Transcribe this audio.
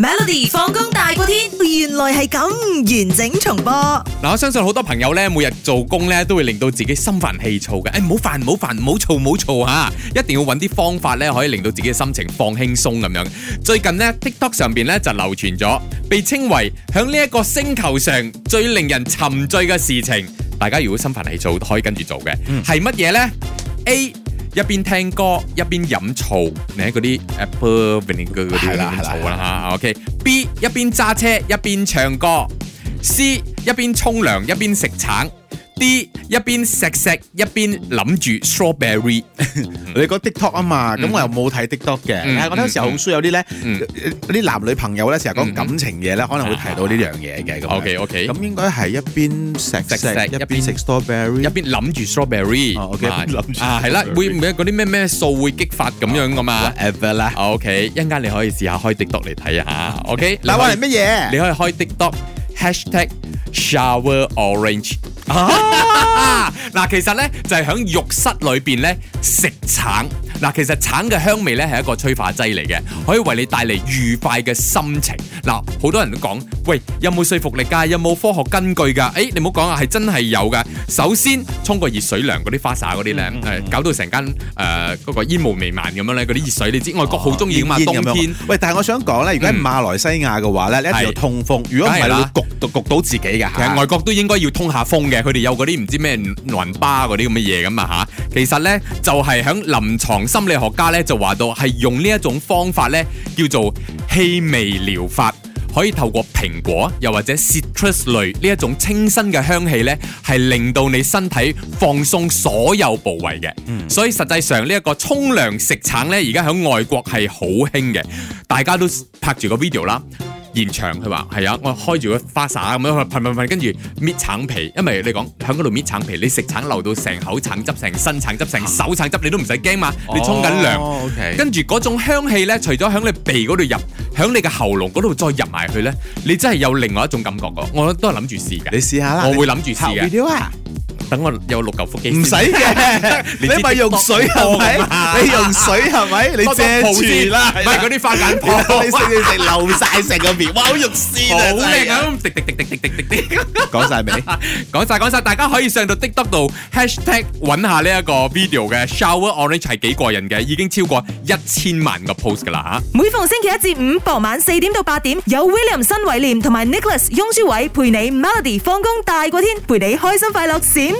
Melody 放工大過天，原來係咁完整重播。嗱、啊，我相信好多朋友咧，每日做工咧都會令到自己心煩氣躁嘅。誒、哎，唔好煩，唔好煩，唔好嘈，唔好嘈吓，一定要揾啲方法咧，可以令到自己嘅心情放輕鬆咁樣。最近呢，TikTok 上邊咧就流傳咗，被稱為響呢一個星球上最令人沉醉嘅事情。大家如果心煩氣躁都可以跟住做嘅，係乜嘢呢？A 一邊聽歌一邊飲醋，你睇嗰啲 Apple vinegar 嗰啲嗰啲飲醋是啦吓。OK，B 一邊揸車一邊唱歌，C 一邊沖涼一邊食橙。啲一邊錫錫一邊諗住 strawberry，你講 TikTok 啊嘛，咁我又冇睇 TikTok 嘅，我睇時候好衰，有啲咧嗰啲男女朋友咧成日講感情嘢咧，可能會提到呢樣嘢嘅。O K O K，咁應該係一邊錫錫一邊食 strawberry，一邊諗住 strawberry，啊係啦，會唔會嗰啲咩咩素會激發咁樣噶嘛？Whatever 啦，O K，一陣間你可以試下開 TikTok 嚟睇下，O K。嗱話係乜嘢？你可以開 TikTok hashtag。Shower orange 啊！嗱，其實呢就係、是、喺浴室裏邊呢食橙。嗱，其實橙嘅香味咧係一個催化劑嚟嘅，可以為你帶嚟愉快嘅心情。嗱，好多人都講，喂，有冇說服力㗎？有冇科學根據㗎？誒、欸，你唔好講啊，係真係有㗎。首先，沖個熱水涼嗰啲花灑嗰啲咧，搞到成間誒嗰、呃嗰個煙霧彌漫咁樣咧，嗰啲熱水你知，外國好中意嘛？冬天。喂，但係我想講咧，如果馬來西亞嘅話咧，嗯、你一定要通風，如果唔係會焗，焗到自己嘅。其實，啊、其實外國都應該要通下風嘅，佢哋有嗰啲唔知咩雲巴嗰啲咁嘅嘢咁啊嚇。其實呢，就係響臨床心理學家呢就話到係用呢一種方法呢，叫做氣味療法，可以透過蘋果又或者 citrus 類呢一種清新嘅香氣呢，係令到你身體放鬆所有部位嘅。Mm. 所以實際上呢一個沖涼食橙呢，而家響外國係好興嘅，大家都拍住個 video 啦。現場佢話係啊，我開住個花灑咁樣噴噴噴噴，跟住搣橙皮，因為你講喺嗰度搣橙皮，你食橙流到成口橙汁、成身橙汁、成手橙汁，你都唔使驚嘛。你沖緊涼，OK，跟住嗰種香氣咧，除咗喺你鼻嗰度入，喺你嘅喉嚨嗰度再入埋去咧，你真係有另外一種感覺噶。我都係諗住試㗎，你試下啦，我會諗住試嘅。等我有六嚿腹肌先，唔使嘅，你咪用水係咪？你用水係咪？你嘅尿啦，唔係嗰啲花粉，你食完食流曬成個面，哇！好肉絲啊，好靚啊，滴滴滴滴滴滴滴滴，講曬未？講曬講曬，大家可以上到 TikTok 度 hashtag 揾下呢一個 video 嘅 Shower Orange 係幾過癮嘅，已經超過一千萬個 post 㗎啦嚇！每逢星期一至五傍晚四點到八點，有 William 新偉廉同埋 Nicholas 雍舒偉陪你 Melody 放工大過天，陪你開心快樂閃。